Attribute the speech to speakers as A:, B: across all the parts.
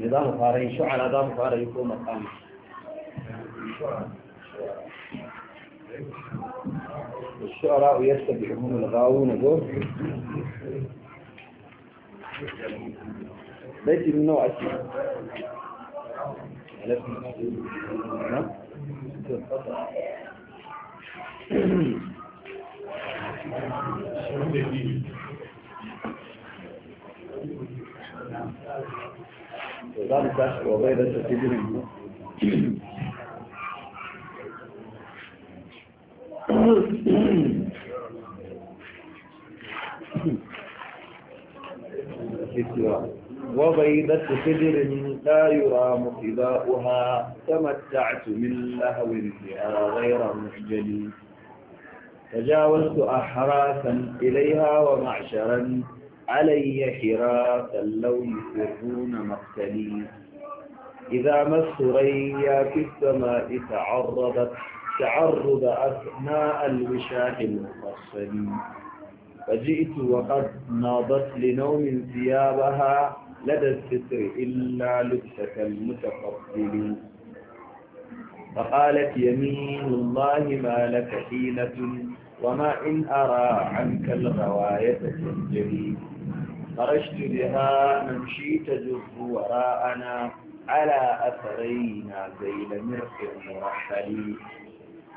A: نظام
B: فاري شو على نظام فاري يكون مقام الشعراء يستبحون الغاوون دور بيت من نوع الشعر
A: وغير وبيضة خدر
B: لا يرام حذاؤها تمتعت من لهو فيها غير محجل تجاوزت أحراسا إليها ومعشرا علي حراسا لو يسرون مقتلي إذا ما الثريا في السماء تعرضت تعرض أثناء الوشاح المفصلي فجئت وقد ناضت لنوم ثيابها لدى الستر إلا لبسة المتقبل فقالت يمين الله ما لك حيلة وما إن أرى عنك الغواية تنجلي خرجت بها نمشي تزف وراءنا على أثرينا ذيل مرق مرحلي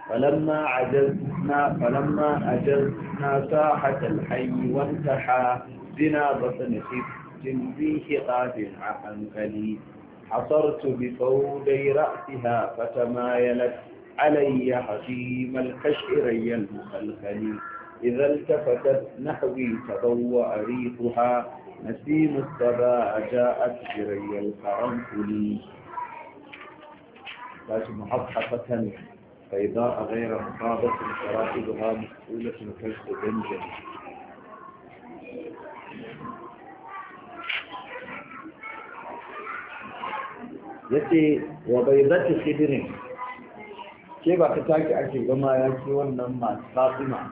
B: فلما عجزنا فلما عجزنا ساحة الحي وانتحى بنا بطن خفت فيه قاد عنقلي حصرت بفودي رأسها فتمايلت علي حشيم الكشعري المخلخل إذا التفتت نحوي تضوع ريحها نسيم الصبا جاءت جري القرنفل تاج محطحة بيضاء غير مصابة شرائبها مسؤولة كشف بنجل يتي وبيضة خدر كيف ke ba وما take ake gama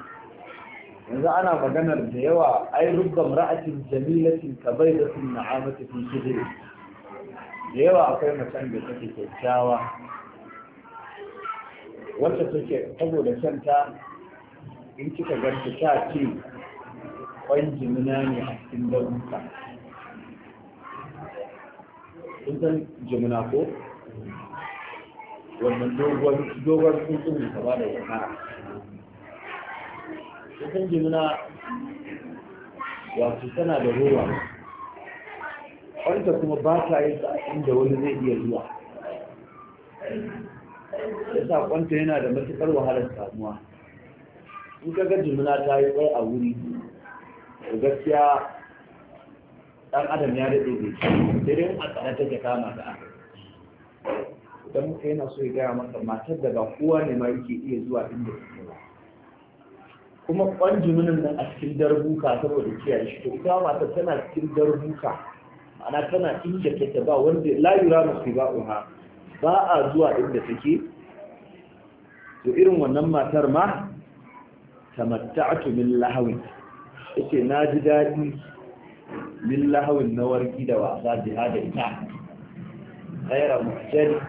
B: yanzu ana maganar da yawa ai rubban ra'atin jamilatin kabaidatin na'amati fi shihri da yawa akwai macen da take kyakkyawa wacce take saboda kanta in kika ganta ta ce kwan jimina ne a cikin daunka kun san jimina ko
A: wannan dogon tsuntsun ne ba da jama'a
B: kusan jimina wato tana da rowa
A: wanda kuma ba ta yi inda wani zai iya zuwa yasa
B: kwanta yana da matuƙar wahalar samuwa in ka ga jimina ta yi kwai a wuri to gaskiya ɗan adam ya daɗe da sai dai a tsara take kama ta idan muka yana so ya gaya maka matar da ba kowa ne ma yake iya zuwa inda kuma kwanjuminin nan a cikin darbuka saboda kiyaye shi to ita mata tana cikin darbuka ana tana inda take ba wanda la yura musiba'uha ba a zuwa inda take to irin wannan matar ma tamatta'tu min lahawin yace na ji daɗi min lahawin na wargi da wasa jihada ita khayra muhjali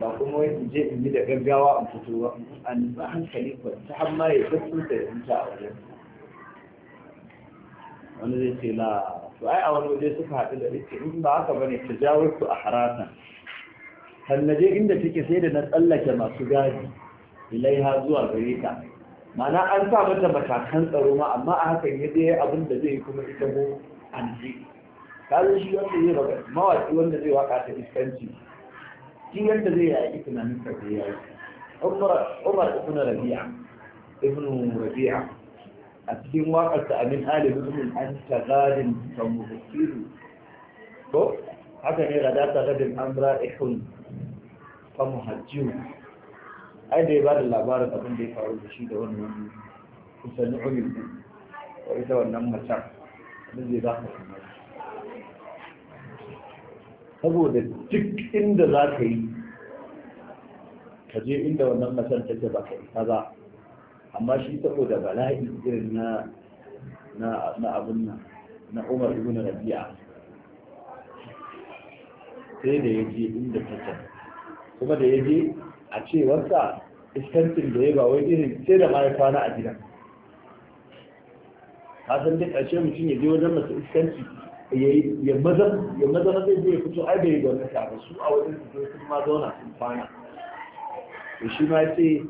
B: ba kuma wai wani je in yi da gaggawa a fito ba an ba hankali ko ta hamma ya fito da yanka a wajen wani zai ce la to ai a wani waje suka haɗu da ita in ba haka bane ta jawo su a haratan kan na je inda take sai da na tsallake masu gadi ha zuwa gare ta ma'ana an sa mata matakan tsaro ma amma a hakan ya je abin da zai kuma ita mu an ji kazan shi wanda zai waka mawaƙi wanda zai waka ta iskanci كي الذي يأتينا من تبيع عمر عمر ابن ربيعة ابن ربيعة أبدين وقت من آل ابن أنت غاد ومغفر حتى في غداة غد أمر رائح فمهجون أدي بعد الأبار تقوم بي فعل بشيد ونمو كسنعون وإذا ونمو شعب من ذي saboda duk inda za ka yi ka je inda wannan ƙasar take ba ka isa ba amma shi saboda bala'i irin na na abin nan na umar ibn rabi'a sai da ya je inda take kuma da ya je a cewarsa iskantin da ya ba wai irin sai da mai ya kwana a gidan ka san duk ƙarshe mutum ya je wajen masa iskanci ya maza ya maza na zai zai fito ai bai gwamna ta ba su a wajen su sun ma zauna sun kwana da shi ma ce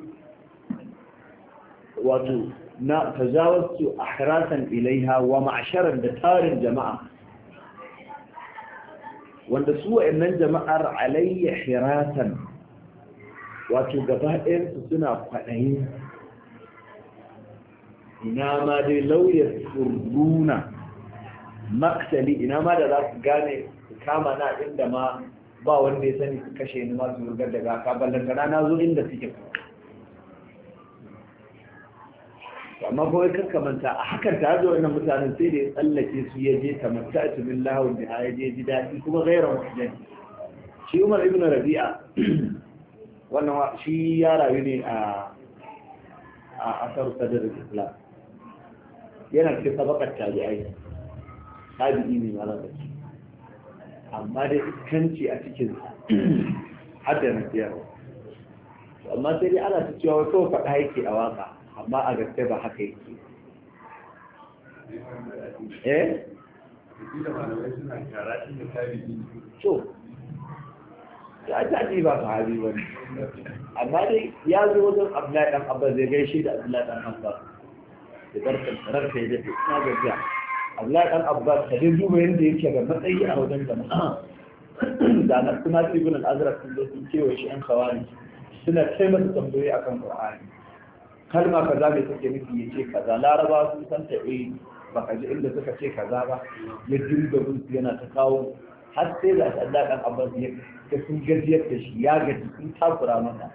B: wato na tajawaztu ahrasan ilaiha wa ma'asharan da tarin jama'a wanda su wa'annan jama'ar alayya hiratan wato gaba ɗayansu suna kwaɗayi ina ma dai lauyar furduna maksali ina ma da za su gane su kama na inda ma ba wanda ya sani su kashe ni ma su rugar daga ka ballantana na zo inda suke amma kawai kakka manta a hakan ta zo wannan mutanen sai da ya tsallake su ya je ta manta a cikin lahun da ya je ji daɗi kuma gairan wajen shi umar ibn rabi'a wannan shi ya rayu ne a a asar sadar islam yana cikin sabakar tabi'ai tabi'i ne malam baki amma dai kanci a cikin hadda na siyarwa amma sai dai ana ta cewa wai kawai faɗa yake a waka amma a gaske ba haka yake eh to ya ta ba sahabi ba amma dai ya zo wajen na ɗan abu zai gaishe da na ɗan abbas da barkan ranka ya dace gajiya Abdullahi dan Abbas ka dai duba yanda yake ga matsayi a wajen jama'a da na kuma ibn al-Azraq sun zo sun shi an kawani suna kai masa tambayoyi akan Qur'ani kalma kaza mai take nufi yace kaza Laraba sun san ta eh, ba baka ji inda suka ce kaza ba ya dinga bin yana ta kawo har sai da Allah dan Abbas ya ga sun gajiyar da shi ya gaji sun takura masa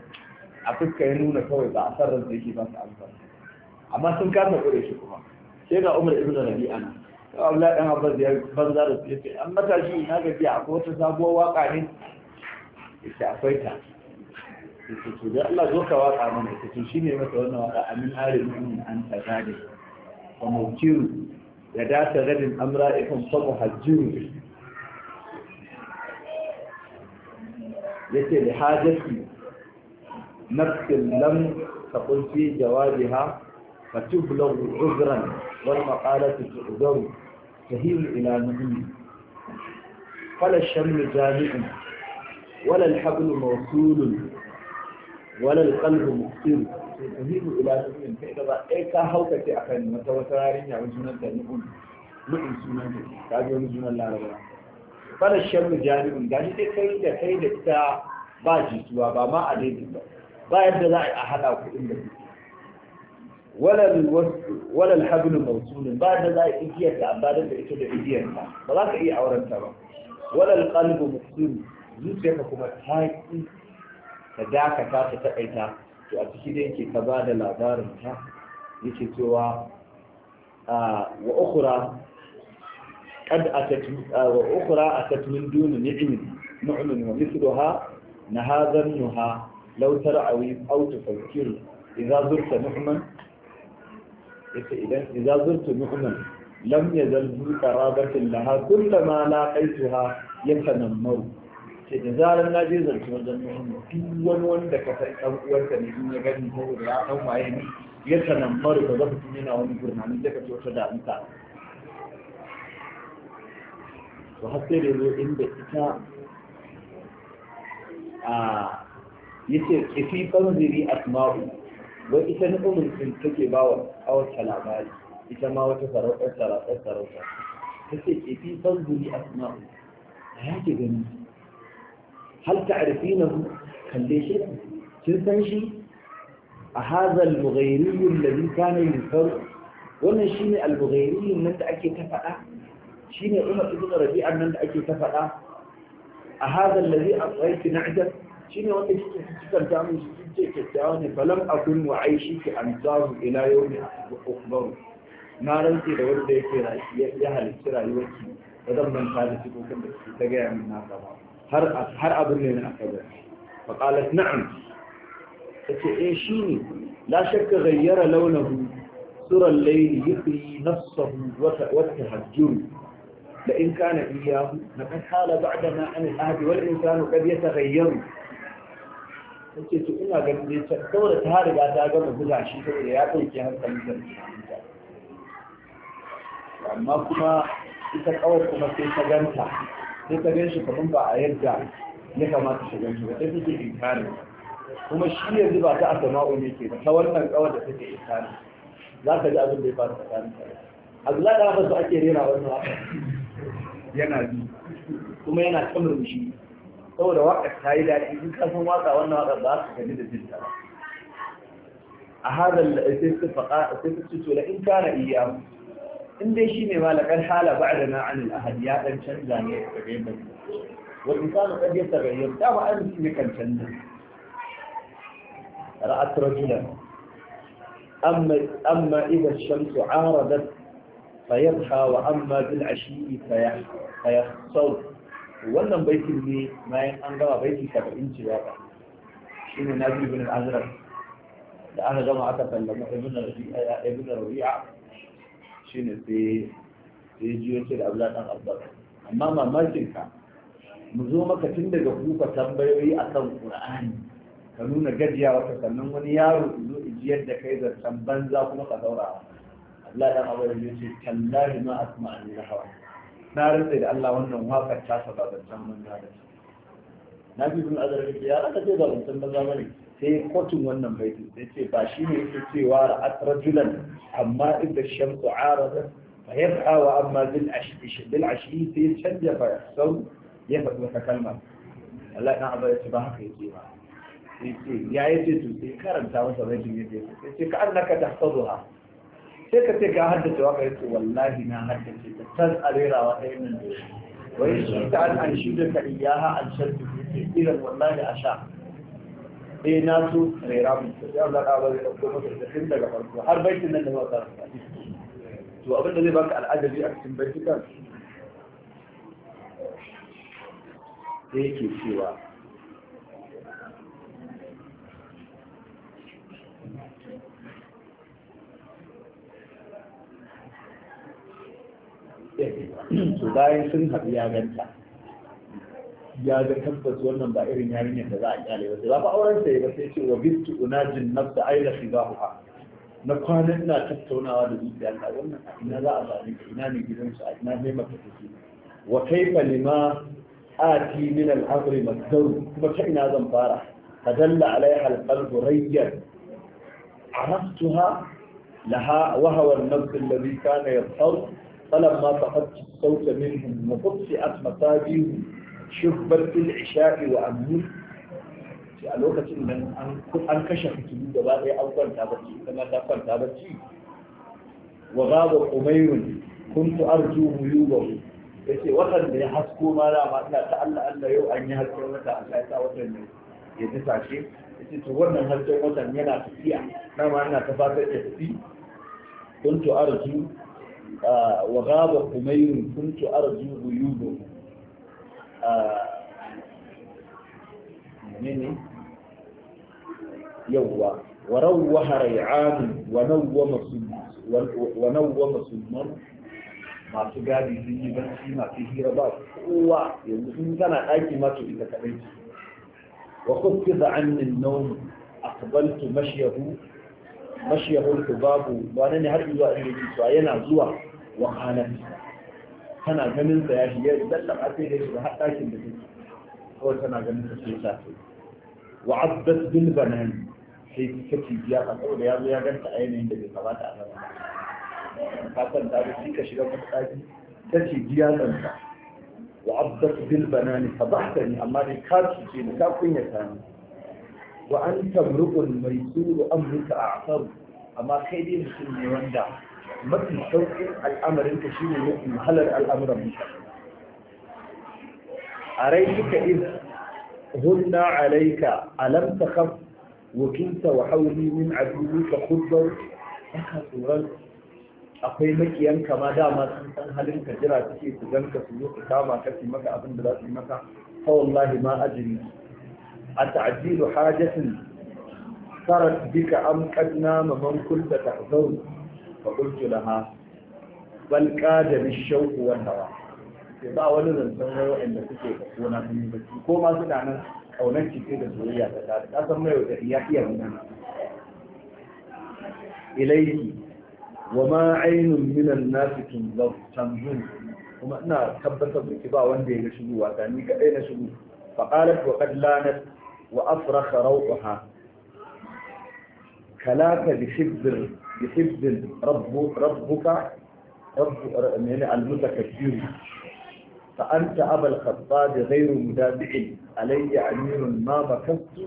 B: a fuska ya nuna kawai ba a san ran da yake ba su amfani amma sun kasa kure shi kuma sai ga Umar ibn Rabi'a abla dan abbas ya banza da su yace an matashi na gaji akwai wata sabuwar waka ne yace akwai ta yace to da Allah zo ka waka mana yace to shine masa wannan waka amin ari mu'min an ta tagade wa mawkiru ya da ta gadin amra ikum fa Ya ce da hajati nafsin lam تقل في جوابها فتبلغ عذرا su تعذر تهيل إلى نهم فلا الشمل جامع ولا الحبل موصول ولا القلب مقصير تهيل إلى نهم فإذا رأيك هوكك أخي متوترين يعني سنة نهم mutum sunan ne ta ji wani sunan laraba farar sharru jami'in ga shi dai da kai da ba jituwa ba ma a daidai ba ba yadda za a haɗa kuɗin da walal hablun mawsulun ba da za a igiyar da amma da ita da igiyar ta ba za ka iya auren ta ba walal qalbu mufsun zuciyarka kuma ta ki ta dakata ta takaita to a ciki da yake ka ba da labarin ta yake cewa wa ukhra قد أتت وأخرى أتت من دون نعم نعم ومثلها نهاذا نها لو ترعوي أو تفكر إذا زرت نعما إذا إذا زرت مؤمن لم يزل في قرابة لها كلما لاقيتها يتنمر إذا زال الناجي زرت مؤمن في ون ون دك أو ون تنمي يجن هو لا أو ما يعني يتنمر تضبط من أو من قرن عن دك تقول شدا متى وحتى لو إن بيتا آه يصير كفي بنزري أسماؤه wai ita na umar umurkin take ba wa awarta labari ita ma wata sarautar sarautar sarauta ta ce ke fi sanzuri asma'u a yake gani hal ta'rifina kalle shi kin san shi a hazal mughairiyyu alladhi kana yusar wannan shine al-mughairiyyu nan da ake ta faɗa shine Umar ibn Rabi'an nan da ake ta faɗa a hazal ladhi aqaytu na'jab shi ne wanda suke cikin damun shi sun ce kyakkyawa ne balam abin wa aishi ki an zaru ila yau ne ukbaru na rantse da wanda yake ya halicci rayuwarki ba zan manta da cikin da suke ta gaya min na gaba har abin ne na aka gaya fa qalat na'am tace eh shine la shakka ghayyara launahu سر الليل يقي نفسه وتهجر لإن كان إياه فقد حال بعدما عن الأهد والإنسان قد يتغير ta ce to ina ganin dai saboda ta riga ta gama buga shi saboda ya ɗauke hankalin da ta amma kuma ita kawai kuma sai ta ganta sai ta gan shi kamar ba a yadda ya kamata shi gan shi ba sai take inkari kuma shi ya zuba ta asama'u ne ke ta wannan kawar da take inkari za ka ji abin da ya faru tsakanin ta azla da ba su ake rera wannan haka yana bi kuma yana kamar mushi هو ده هذا الاتفق فقا إن كان إيام إن دي شيني ما لك الحالة بعدنا عن الأهلياء لن شنزان يتغيب والإنسان قد يتغيب دعوة أن إنك الجنة رأت رجلا أما, أما إذا الشمس عارضت فيضحى وأما بالعشي فيخصوت wannan baitin ne bayan an gama baiti saba'in inci ya ba shi ne nabi ibn al azra da aka gama aka sallama ibn rabi'a ibn rabi'a shi ne sai sai ji ce da abla dan abbas amma mamakin ka mu zo maka tun daga kuka tambayoyi akan qur'ani ka nuna gajiya wata sannan wani yaro zo ji da kai zancen banza kuma ka saurara Allah dan abu da ce tallahi ma asma'ani hawa na rantsa da Allah wannan waƙar ta sa zaɓen banza da su na bi bin azar da ya aka ce zaɓen banza ba sai kotun wannan baitin sai ce ba shi ne yake cewa ra'at rajulan amma idda shamsu arada fa yabqa wa amma bil ashi bil ashi sai canja fa sau ya faɗi wata kalma Allah ya abu ya ce ba haka yake ba sai ce ya yace to sai karanta masa baitin yake sai ce ka annaka tahfazuha sai ka ce ga haddace waka yake wallahi na haddace ta tas a rerawa ta yin
A: nan wai shi ta an
B: an shi da ka iya ha an shartu ke irin wallahi a sha eh na su rera mu sai Allah ba zai ɗauko kuma da tun daga farko har baitin nan da ba ka to abin da zai baka al'adabi a cikin kan,
A: sai yake cewa
B: to bayan sun haɗu ya ganta ya ga tabbas wannan ba irin yarinyar da za a kyale ba ba ba auren sa ba sai ce wa bistu unajin nafsa aila khidahuha na kwanan na tattaunawa da zuciya ta wannan a ina za a sami ka ina ne gidansu a ina ne maka take wa kaifa lima ati min al-amri masdaru kuma ta ina zan fara fadalla alaiha al-qalbu rayyan araftuha laha wa hawa an-nafs alladhi kana yadhharu فلما فقدت الصوت منهم وقطعت مصابيهم شبت العشاء وأمنوا ce a lokacin nan an kashe fitilu gaba ɗaya an kwanta bacci ita ma ta kwanta bacci wa yace watan da ya hasko ma da ma ta Allah Allah yau an yi hasken wata Allah ya sa watan ne ya ji sashe yace to wannan hasken watan yana tafiya na ma ina ta fatan ya tafi kuntu wa gaba kumairun kuntu arju guyubu menene yawwa wa rawwaha ray'an wa nawwama wa nawwama summar masu gadi sun yi hira ba kowa yanzu sun tana ɗaki masu ita kaɗai wa kuka za'annin naumu أقبلت مشيه mashiyahu al-babu wani ne har zuwa inda yake cewa yana zuwa wa qalat tana ganin sa ya shi ya lallaba sai da shi har dakin da take kawai tana ganin sa sai ta ce wa abdat bil banan sai ta ci ya ka saboda ya zo ya ganta a yanayin da bai kamata a gaba ka san ta ji ka shiga wata daki ta ci ya tsanta wa abdat bil banan fa bahtani amma dai ka ci ce ka kunya ta ni wa an tamrukun mai suru amurka a asaru amma kai dai mutum ne wanda mafi sauƙin al'amarinka shi ne mafi wahalar al'amuran mutane a rai suka iz hunna alaika alam ta kaf wakinta wa hauli min adubu ka kuddar baka tsoron akwai makiyan kama dama sun san halin ka jira suke su ganka su zo su kama ka maka abin da za su yi maka fa wallahi ma ajiri أتعجيل حاجة صارت بك أم قد نام من كنت تحذر فقلت لها بل كاد بالشوق والهوى يضع ولد الزوجة إن إليه وما عين من الناس تنظر تنظر وما نار كبت بكبا وان واتانيك اين وقال فقالت وقد لانت wa afrakha rawha kalaka bi hibbir bi hibbir rabbu rabbuka rabbu yani al mutakabbir fa anta abal khattab ghayru alayya amirun ma bakattu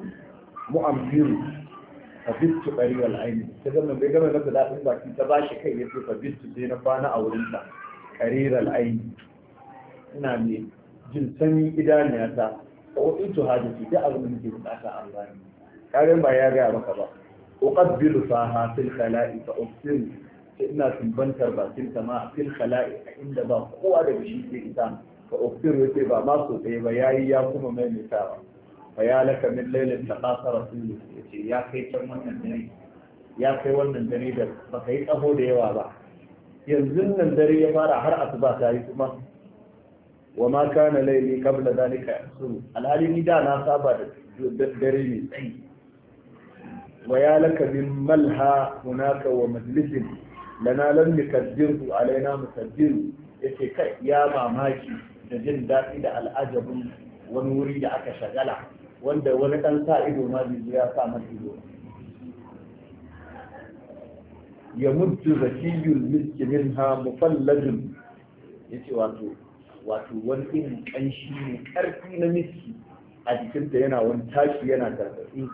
B: mu'ammiru fabistu bari wal aini ta zama daɗin baki ta kai ya fabistu sai kwana a wurin ta aini ina mai jin sanyin idaniyata ko in to hadisi da abin da nake bukata a bani karen ba ya gaya maka ba uqabbilu faha fil khala'i fa ufsil ina tumbantar bakin ta ma fil khala'i inda ba kowa da shi ke ita fa ufsil yace ba ma so ba yayi ya kuma mai misawa fa ya laka min lailin taqasara sun yace ya kai can wannan dare ya kai wannan dare da yi tsaho da yawa ba yanzu nan dare ya fara har asuba ta yi kuma wa ma kana laili qabla dalika sun alhali ni da na saba da dare mai tsayi wa ya laka bin malha hunaka wa majlisin lana lam nikaddiru alaina musaddiru yake kai ya mamaki da jin daɗi da al'ajabin wani wuri da aka shagala wanda wani ɗan sa ido ma bai ya sa masa ido ya mutu zakiyul miski minha mufallajun yace wato wato wani irin ƙanshi ne ƙarfi na miski a jikinta yana wani tashi yana gargaɗi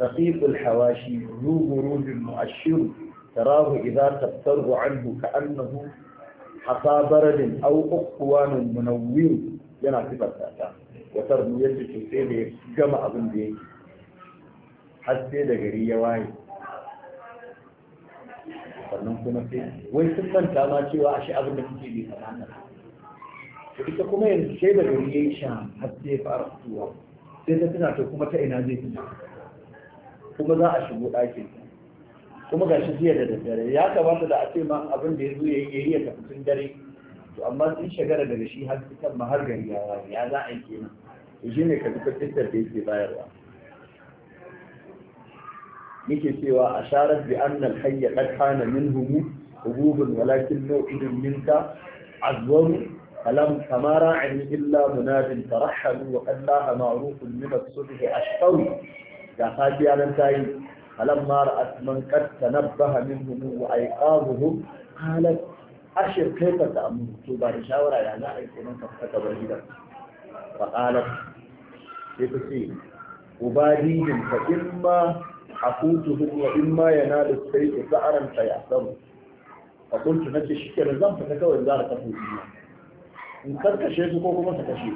B: rafiqul hawashi ruhu ruhin mu'ashiru tarahu idza tabtaru anhu ka'annahu hasa baradin aw uqwanun munawwir yana sifarta ta watar mu yadda ke sai da gama abin da yake har sai da gari ya waye sannan kuma sai wai sun manta ma cewa ashe abin da kuke bi kamata ita kuma yanzu sai da gari ya yi sha har sai ya fara fitowa sai ta tana to kuma ta ina zai fito kuma za a shigo ɗakin kuma ga shi jiya da daddare ya kamata da a ce ma abin da ya zo ya yi ya tafi tun dare to amma sun shagara daga shi har fitan ma har gari ya waye ya za a yi kenan to shi ne ka duka fitar da yake bayarwa nike cewa a sharar bi hanyar hayya qad min hubu hububun walakin nau'idun minka azwaru فلم فما راعني إلا مناد ترحل وقد لاه معروف من الصبح أشقوي يا خالتي أنا انتهي فلما رأت من قد تنبه منهم وأيقاظهم قالت أشر كيف تأمر توبة شاورا يا نائب من صفحة بعيدة فقالت يقصي أباديهم فإما حقوتهم وإما ينال السيء سعرا فيأثروا فقلت نفسي شكرا زمت فكوي زارة فوزية in karkashe su ko kuma su kashe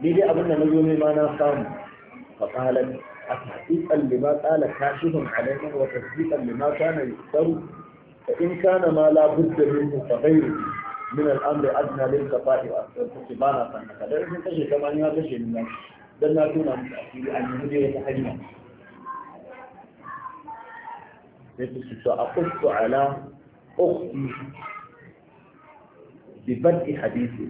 B: ni dai abin da na ma na samu fa qalat لما قال كاشف علينا وتصديقا لما كان يكثر فإن كان ما لا بد منه فغيره من الأمر أدنى للقضاء والسبانة فإنك لا يمكن تجد كما لا تجد من دلنا كنا متأكد أن يهدي يتحجم سأقص على أختي ببدء حديثي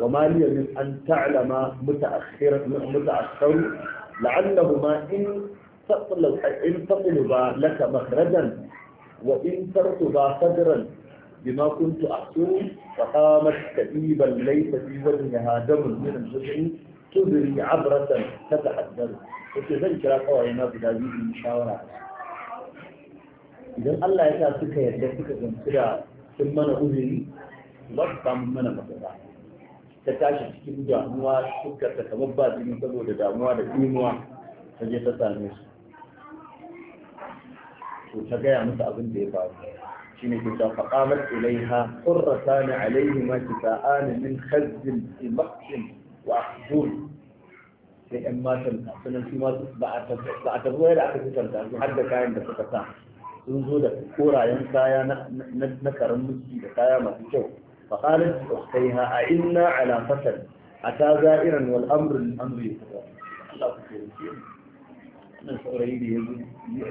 B: وما لي من أن تعلم متأخرة متأخر لعلهما إن تطلب إن تطلب لك مخرجا وإن ترتب صدرا بما كنت أحسن فقامت كئيبا ليس في وجهها دم من الجزء تدري عبرة تتحدث وتذكر قوانا بلازيم المشاورة idan Allah ya sa suka yarda suka gamsu da sun mana uzuri ba su samu mana matsala ta tashi cikin damuwa suka ta kamar ba jini saboda damuwa da imuwa ta je ta same su to ta gaya musu abin da ya faru shine ke ta faqamat ilaiha qurratan alaihima sa'ani min khazzin imakin wa ahdun sai ɗan matan sunan su ba a tabbatar da aka fitar da su har da kayan da suka sa sun zo da korayen kaya na karan mulki da kaya masu kyau فقالت أختيها أئنا على فتن أتى زائرا والأمر الأمر يتبع الله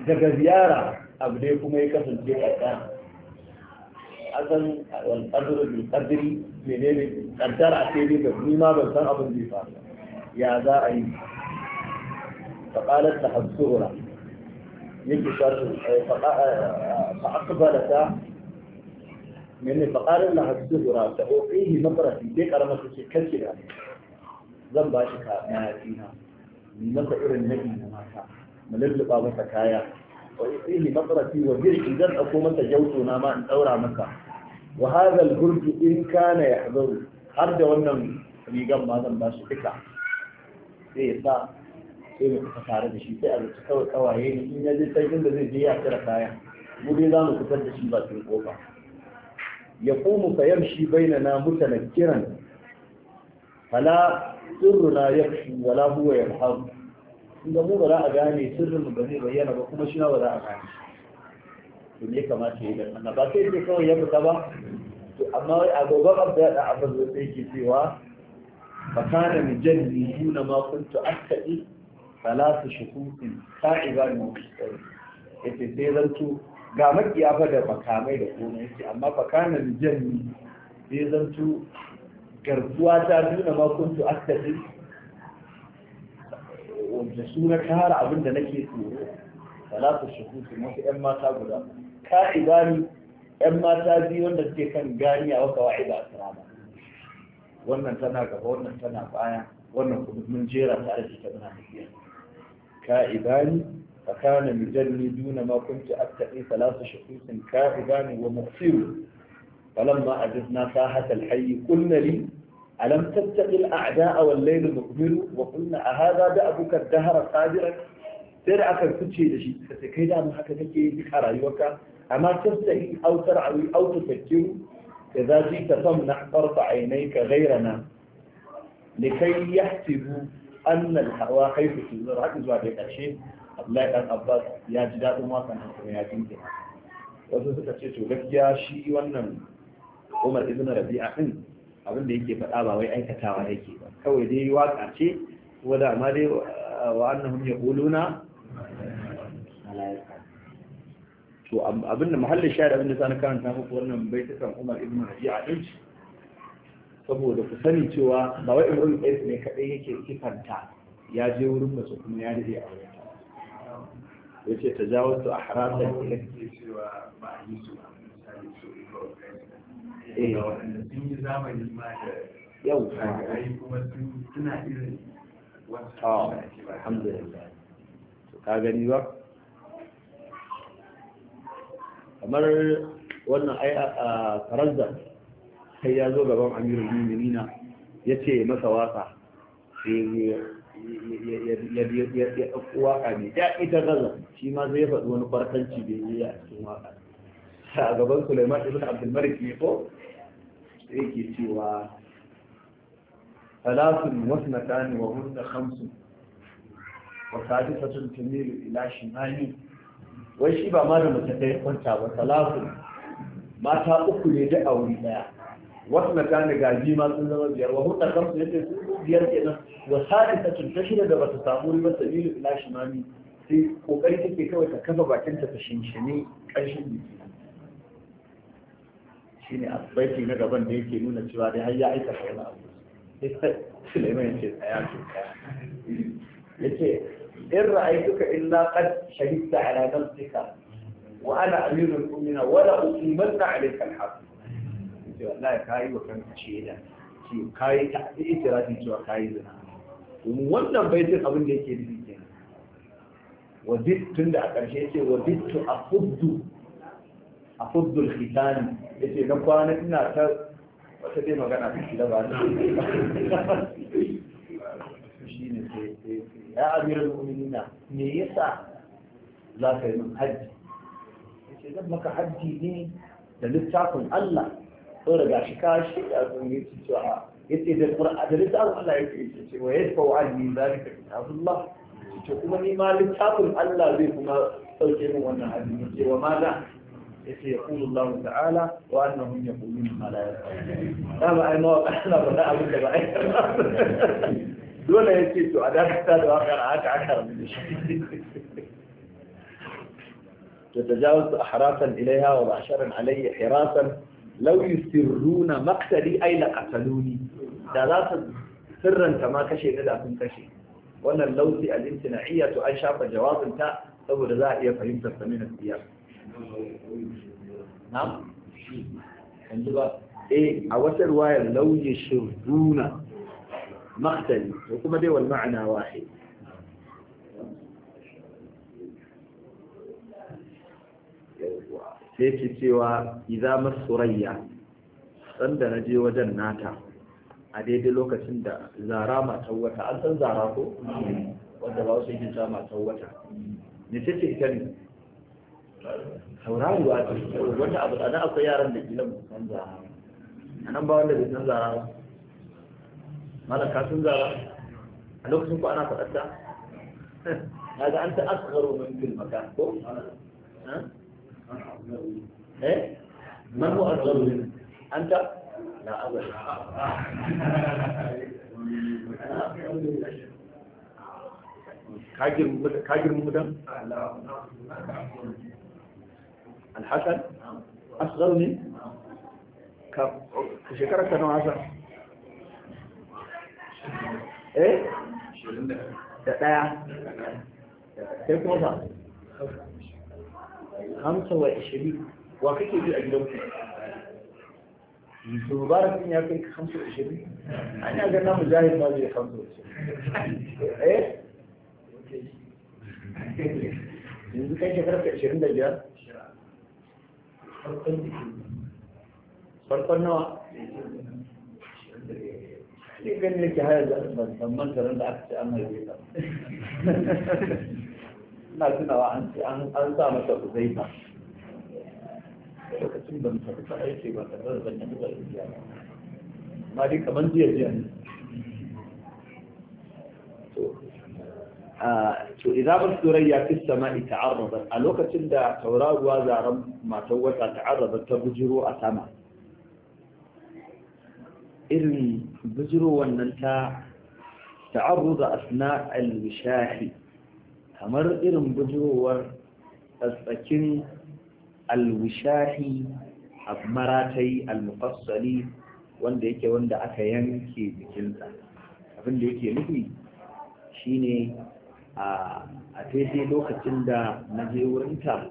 B: daga ziyara abu dai kuma ya kasance kaddara asan wal qadru bil qadri menene kaddara ce dai da ni ma ban san abin zai faru ya za a yi fa qalat tahsura yake shato fa'aqbala ta mene faqarin la hasbura ta ofihi mafarafi sai karama su ce kace da zan ba shi kaya dina ni masa irin nabi na mata malallaba masa kaya wa ofihi mafarafi wa birki zan dauko masa jauto na ma in ɗaura masa wa hadha al-gurdu in kana yahduru har da wannan rigan ma zan ba shi duka sai ya sa sai mu fita tare da shi sai a rubuta kawai kawaye ne in ya je sarkin da zai je ya cire kaya mu dai za mu fitar da shi bakin kofa ya komu fa yamshi bainana mutanakkiran fala sirruna yakshi wala huwa yalhamu inda mu ba za a gane sirrin mu ba zai bayyana ba kuma shi ba za a gane to ne kamata ya yi da ba sai dai kawai ya fita ba to amma wai a gobe abu ya da abin da sai ke cewa fa kana mijanni yuna ma kuntu akkadi salatu shukukin sa'iba mawuyi yace sai zanto ga makiya fa da makamai da komai yace amma fa kana janni sai zanto garkuwa ta nuna ma kuntu aktadi wanda suna kara abin da nake tsoro salatu shukukin wasu yan mata guda ka'ibani yan mata biyu wanda suke kan gani a wata wa'ida asrama wannan tana gaba wannan tana baya wannan kuma mun jera tare da ita muna tafiya كائبان فكان يجلي دون ما كنت أتقي ثلاث شخوص كائبان ومؤثر فلما أجزنا ساحة الحي قلنا لي ألم تتقي الأعداء والليل مقبل وقلنا أهذا دأبك الدهر قادرا sai da aka fice da shi ka take kai dama haka kake yi duka rayuwarka amma tastahi aw tar'awi aw tafakkiru idza annal hawa haifu shi zuwa haɗin zuwa da ƙarshe Abdullahi dan Abbas ya ji daɗin wasan nan kuma ya tinke wasu suka ce to gaskiya shi wannan Umar ibn Rabi'a din abin da yake faɗa ba wai aikatawa yake ba kawai dai waka ce kuma da amma dai wa annahum yaquluna to abin da mahallin shahid abin da sani karanta muku wannan baitukan Umar ibn Rabi'a din saboda ku sani cewa ba wai imrul qais ne kadai yake kifanta ya je wurin mace kuma ya rike a wurin ya ce ta jawo su a harasar ilin yau alhamdulillah ka gani ba kamar wannan ai a faransa kai ya zo gaban amirul mu'minina ya ce masa waka sai ya ɗauko waka ne ya ita gaza shi ma zai faɗi wani farkanci da ya yi a cikin waka a gaban Sulaiman ibn Abdul Malik ne ko sai ke cewa wasu na wasnatan wa hunna khamsun wa sadisatun tamilu ila shimali wai shi ba ma da mace ta yi kwanta ba salatun mata uku ne da aure daya wasu na kane gaji ma sun zama biyar wa hudda kamsu yake su biyar kenan wa sadisa tun ta shida da bata samu riba sabilu ila shimami sai kokari take kawai ta kafa bakin ta ta shinshine kanshin jiki shine asbaiti na gaban da yake nuna cewa dai har ya aika wani abu sai Sulaiman ce tsaya to yace in ra'aytuka illa qad shahidta ala nafsika wa ana amirul mu'minin wa la uqimanna alayka al-haqq cewa Allah ka yi wa kanka shaida ce ka yi ta itirafin cewa ka yi zina domin wannan baitin abin da yake nufi kenan wazit tun da a ƙarshe ce wazit to a fuddu a fuddu alkhitani ya ce na kwana ina ta wata dai magana ta shi da ba shi ne sai ya amiral mu'minina me yasa za ka yi min hajji ya ce zan maka hajji ne da littafin Allah دور يتي ذي القرآن الله يتي ذلك كتاب الله ما الله وما لا يقول الله تعالى وأنهم يقولون ما لا يفعلون هذا أي موقع أنا بدأ أقول لك دون يسيت أنا أحتاج عاد عشر من تتجاوز أحراسا إليها وبعشرا علي حراسا lauyi sirruna maktari aila la da za su sirranta ma kashe na da sun kashe wannan lausi na iya to an shafa jawabin ta saboda za a iya fahimtar sa min siyar na'am eh, a wata ruwayar law sirruna maqtali to kuma dai wal ma'ana wahid sai ke cewa iza masurayya sanda na je wajen nata a daidai lokacin da zara matan wata an san zara ko wanda ba su yi zama matan wata ne ce ce ita ne saurari wa wanda abu tsada akwai yaran da kila mu san zara a nan ba wanda bai san zara ba malam ka zara a lokacin ko ana faɗar ta ga an ta asgaro min fil makan ko إيه؟ من هو أصغر منك أنت لا أبدا كاجر الحسن أصغر منك كشكرك أنا عشر إيه؟ ده ده ده كيف hamsa wa ishirin wa kake ji a gidan ku mubarak din ya kai ka hamsa wa ishirin an ya gana mujahid ma zai hamsa wa ishirin eh yanzu kai shekarar ka ishirin da biyar farkon nawa ne ganin da ke haya da ban manta da aka ce an haife ta لكن هناك اشياء اخرى لكن هناك اشياء اخرى لكن هناك اشياء اخرى لكن هناك اشياء اخرى لكن هناك اشياء اخرى لكن هناك اشياء اخرى لكن هناك kamar irin bujowar tsakin alwishahi a maratai almufassali wanda yake wanda aka yanke jikinsa abin da yake nufi shine a daidai lokacin da na je wurinta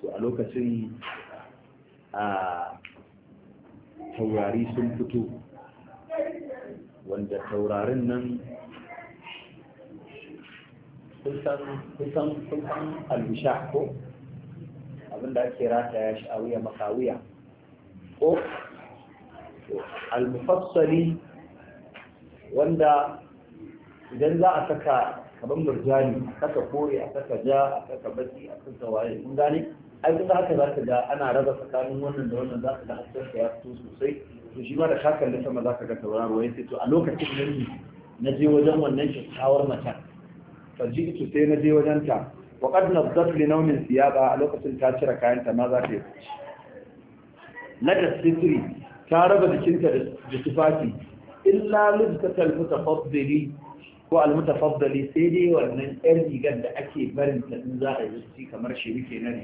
B: to a lokacin a taurari sun fito
A: wanda taurarin nan
B: kun san albisha ko abinda ake rataya shi a wuya makawiya ko almufassali wanda idan za a saka kaban murjani a saka kore a saka ja a saka baki a saka waye kun gane ai kuma haka za ka ga ana raba tsakanin wannan da wannan za ka ga hasken ya fito sosai to shi ma da ka sama za ka ga tauraro ya ce to a lokacin nan na je wajen wannan kyakkyawar macen فجئت تسيندي وجنتا وقد نظرت لنوم الثياب على وقت الكاتره كانت ماذا في نجت ستري تارب بكنت بصفاتي الا لبسه المتفضلي والمتفضلي سيدي وانا ارجي قد اكي برنت ان ذا يجسي كما شريك نان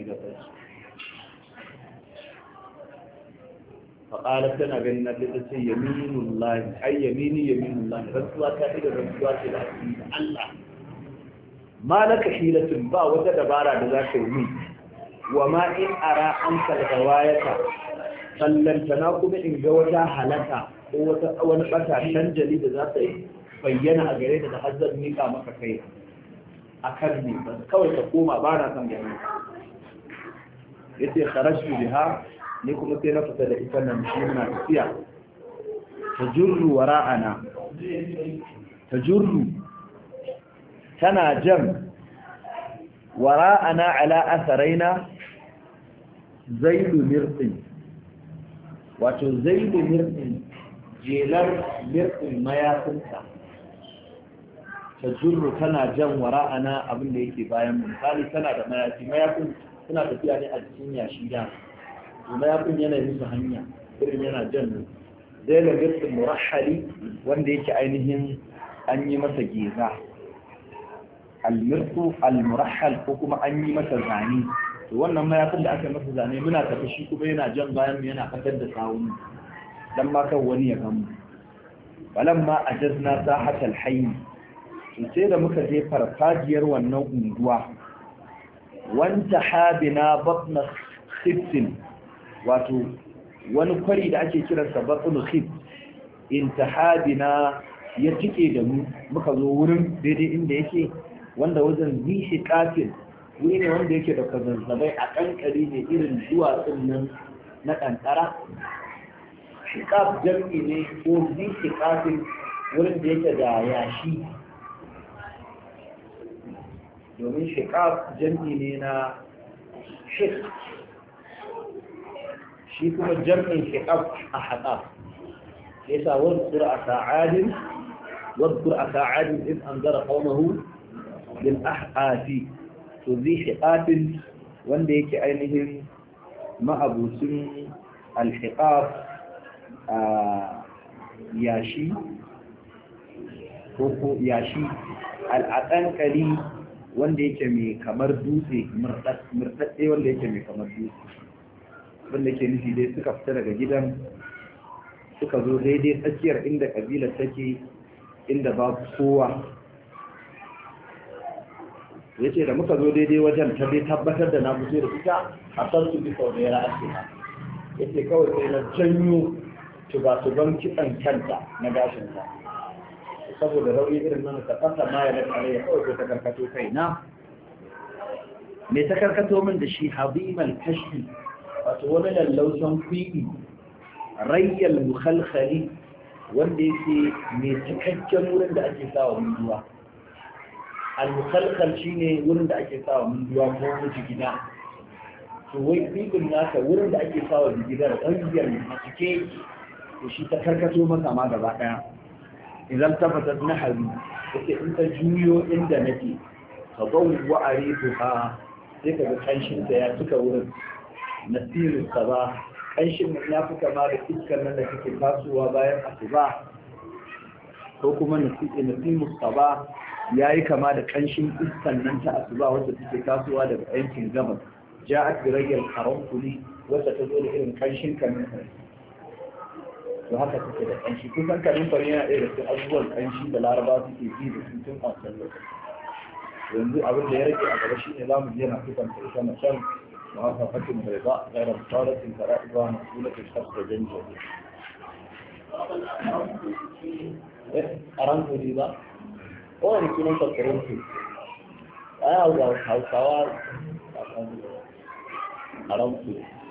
B: فقالت لنا بان الذي يمين الله اي يميني يمين الله رسوا كاتب الرسوا الى الله ma laka hilatun ba wata dabara da za ka yi wa ma in ara an wayata. kalgawayata na kuma in ga wata halaka ko wata wani ɓata jali da za ta yi bayyana a gare da da hazzar zan mika maka kai a kan ne ba kawai ka koma ba na son gani ya ce biha ni kuma sai na fita da ita nan shi muna tafiya ta jurru wara'ana ta jurru tana jan wara'ana ala asaraina zaidu mirtin wato zaidu mirtin jelar mirtin mayafinta ta jurru tana jan wara'ana abin da yake bayan misali tana da mayafi mayafin suna tafiya ne a cikin yashi da mayafin yana yi musu hanya irin yana jan ne zailu mirtin murahali wanda yake ainihin an yi masa geza almirku almurahal ko kuma an yi masa zane to wannan mayafin da aka masa zane muna tafi shi kuma yana jan bayan mu yana fitar da sawun dan ma kan wani ya gamu falamma ajazna sahatal hayy to sai da muka je farfajiyar wannan unguwa wanta habina batna khittin wato wani kwari da ake kiransa batnu khit intahabina ya tike da mu muka zo wurin daidai inda yake wanda wajen bishi kafin wuri ne wanda yake da kazanzabai a kankari ne irin duwatsun nan na kankara kaf jam'i ne ko bishi kafin wurin da yake da yashi domin kaf jam'i ne na shik shi kuma jam'in kaf a sa wani wasu a sa'adin a sa'adin in an zara kaunahu bil ahafi to zai shiqatin wanda yake ainihin ma'abucin alhiqaf a yashi ko yashi al'aqanqali wanda yake mai kamar dutse murtaɗe wanda yake mai kamar dutse wanda yake nufi dai suka fita daga gidan suka zo daidai tsakiyar inda kabilar take inda babu kowa ya ce da muka zo daidai wajen ta bai tabbatar da na kusa da ita a san su bisa wani yana ake ba. ya ce kawai sai na janyo su ban kitsan kanta na gashinta saboda rauni irin nan ta fasa ma ya da ya kawai ta karkato kai na me ta karkato min da shi habimal kashi wato wani lallausan kwiɗi rayyal mukhalkhali wanda yake mai cikakken wurin da ake sawa ruwa al-mukhalkhal shine wurin da ake sawa mun biya ko wuce gida to wai bibin naka wurin da ake sawa gidan ƙungiyar a cike to shi ta karkato masa ma gaba ɗaya. idan ta na hali yake in ta juyo inda nake ka bawwa arifuha sai ka ga kanshin ta ya tuka wurin Na nasiru kaza kanshin ya fi kama da iskar nan da kake tasowa bayan asuba ko kuma na nasiru kaza yayi kama da kanshin iskan nan ta asuba wanda take kasuwa daga yankin gabas ja'at bi haram kuli wanda ta zo da irin ƙanshin kanin to haka take da kanshi kun san kanin fari yana da irin abubuwan kanshi da laraba suke yi da su tun a wancan yanzu abin da ya rage a gaba shine zamu je na kusan ta na can ما فقط بيضاء غير مطارة فرائضها مسؤولة الشخص جنجة أرنت بيضاء kowane sunan kakkarin su
A: a hausawa a